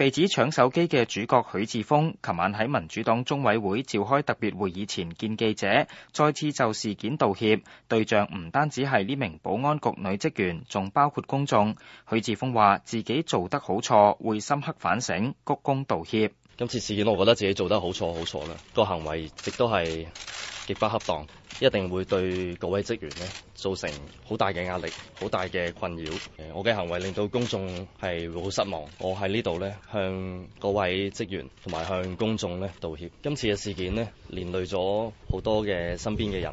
被指搶手機嘅主角許智峯，琴晚喺民主黨中委會召開特別會議前見記者，再次就事件道歉，對象唔單止係呢名保安局女職員，仲包括公眾。許智峯話自己做得好錯，會深刻反省，鞠躬道歉。今次事件我覺得自己做得好錯好錯啦，個行為亦都係。亦不恰當，一定會對各位職員呢造成好大嘅壓力、好大嘅困擾。我嘅行為令到公眾係會好失望，我喺呢度呢，向各位職員同埋向公眾呢道歉。今次嘅事件呢，連累咗好多嘅身邊嘅人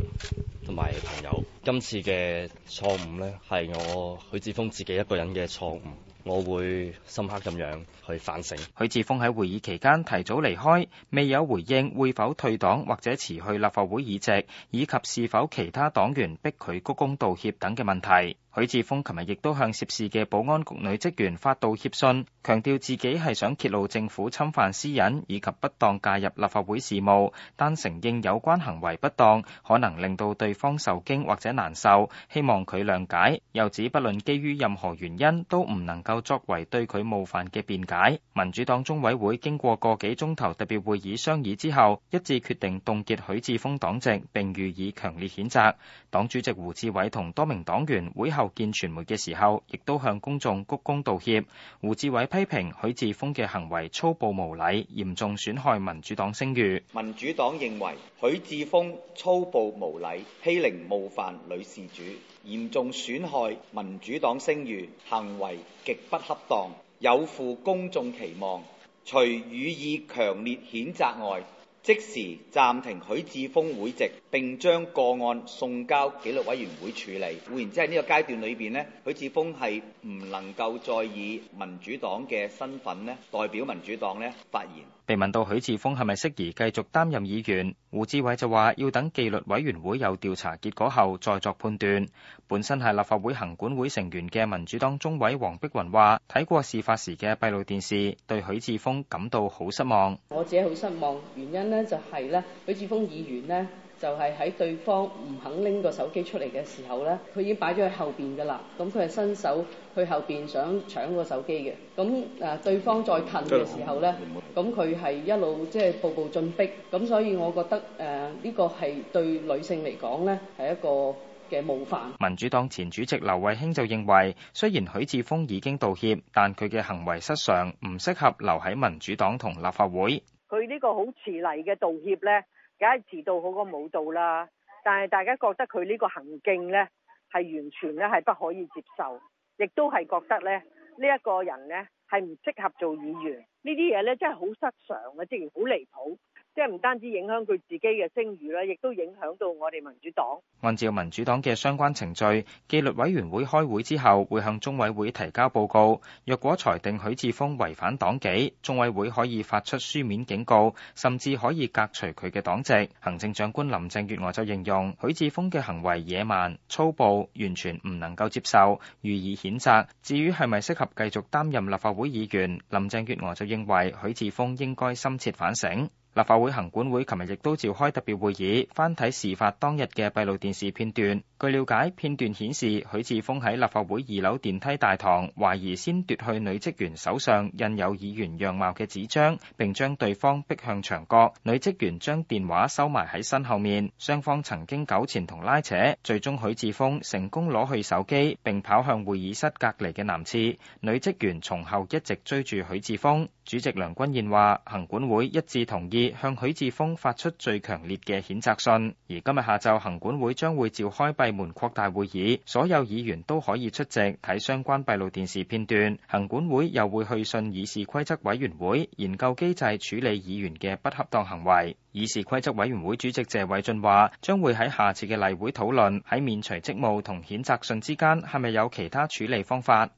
同埋朋友。今次嘅錯誤呢，係我許智峯自己一個人嘅錯誤，我會深刻咁樣去反省。許智峯喺會議期間提早離開，未有回應會否退黨或者辭去立法會議席，以及是否其他黨員逼佢鞠躬道歉等嘅問題。許智峯琴日亦都向涉事嘅保安局女職員發道歉信，強調自己係想揭露政府侵犯私隱以及不當介入立法會事務，但承認有關行為不當，可能令到對方受驚或者難受，希望佢諒解。又指不論基於任何原因，都唔能夠作為對佢冒犯嘅辯解。民主黨中委會經過個幾鐘頭特別會議商議之後，一致決定凍結許智峯黨籍，並予以強烈譴責。黨主席胡志偉同多名黨員會後見傳媒嘅時候，亦都向公眾鞠躬道歉。胡志偉批評許智峯嘅行為粗暴無禮，嚴重損害民主黨聲譽。民主黨認為許智峯粗暴無禮、欺凌冒犯。女事主嚴重損害民主黨聲譽，行為極不恰當，有負公眾期望。除予以強烈譴責外，即時暫停許智峯會籍，並將個案送交紀律委員會處理。換言之，喺呢個階段裏邊咧，許智峯係唔能夠再以民主黨嘅身份咧代表民主黨咧發言。被問到許智峯係咪適宜繼續擔任議員，胡志偉就話要等紀律委員會有調查結果後再作判斷。本身係立法會行管會成員嘅民主黨中委黃碧雲話：睇過事發時嘅閉路電視，對許智峯感到好失望。我自己好失望，原因呢就係咧，許智峯議員呢。就係喺對方唔肯拎個手機出嚟嘅時候咧，佢已經擺咗喺後邊嘅啦。咁佢係伸手去後邊想搶個手機嘅。咁誒對方再近嘅時候咧，咁佢係一路即係步步進逼。咁所以我覺得誒呢個係對女性嚟講咧係一個嘅冒犯。民主黨前主席劉慧卿就認為，雖然許智峯已經道歉，但佢嘅行為失常，唔適合留喺民主黨同立法會。佢呢個好遲嚟嘅道歉咧。梗係遲到好過冇到啦，但係大家覺得佢呢個行徑咧係完全咧係不可以接受，亦都係覺得咧呢一個人咧係唔適合做議員，呢啲嘢咧真係好失常嘅，即係好離譜。即係唔單止影響佢自己嘅聲譽啦，亦都影響到我哋民主黨。按照民主黨嘅相關程序，紀律委員會開會之後會向中委會提交報告。若果裁定許智峯違反黨紀，中委會可以發出書面警告，甚至可以革除佢嘅黨籍。行政長官林鄭月娥就形容許智峯嘅行為野蠻粗暴，完全唔能夠接受，予以譴責。至於係咪適合繼續擔任立法會議員，林鄭月娥就認為許智峯應該深切反省。立法會行管會琴日亦都召開特別會議，翻睇事發當日嘅閉路電視片段。據了解，片段顯示許智峯喺立法會二樓電梯大堂，懷疑先奪去女職員手上印有議員樣貌嘅紙張，並將對方逼向牆角。女職員將電話收埋喺身後面，雙方曾經糾纏同拉扯，最終許智峯成功攞去手機，並跑向會議室隔籬嘅男廁。女職員從後一直追住許智峯。主席梁君彥話，行管會一致同意。向許智峯發出最強烈嘅譴責信，而今日下晝，行管會將會召開閉門擴大會議，所有議員都可以出席睇相關閉路電視片段。行管會又會去信議事規則委員會，研究機制處理議員嘅不恰當行為。議事規則委員會主席謝偉俊話，將會喺下次嘅例會討論，喺免除職務同譴責信之間，係咪有其他處理方法。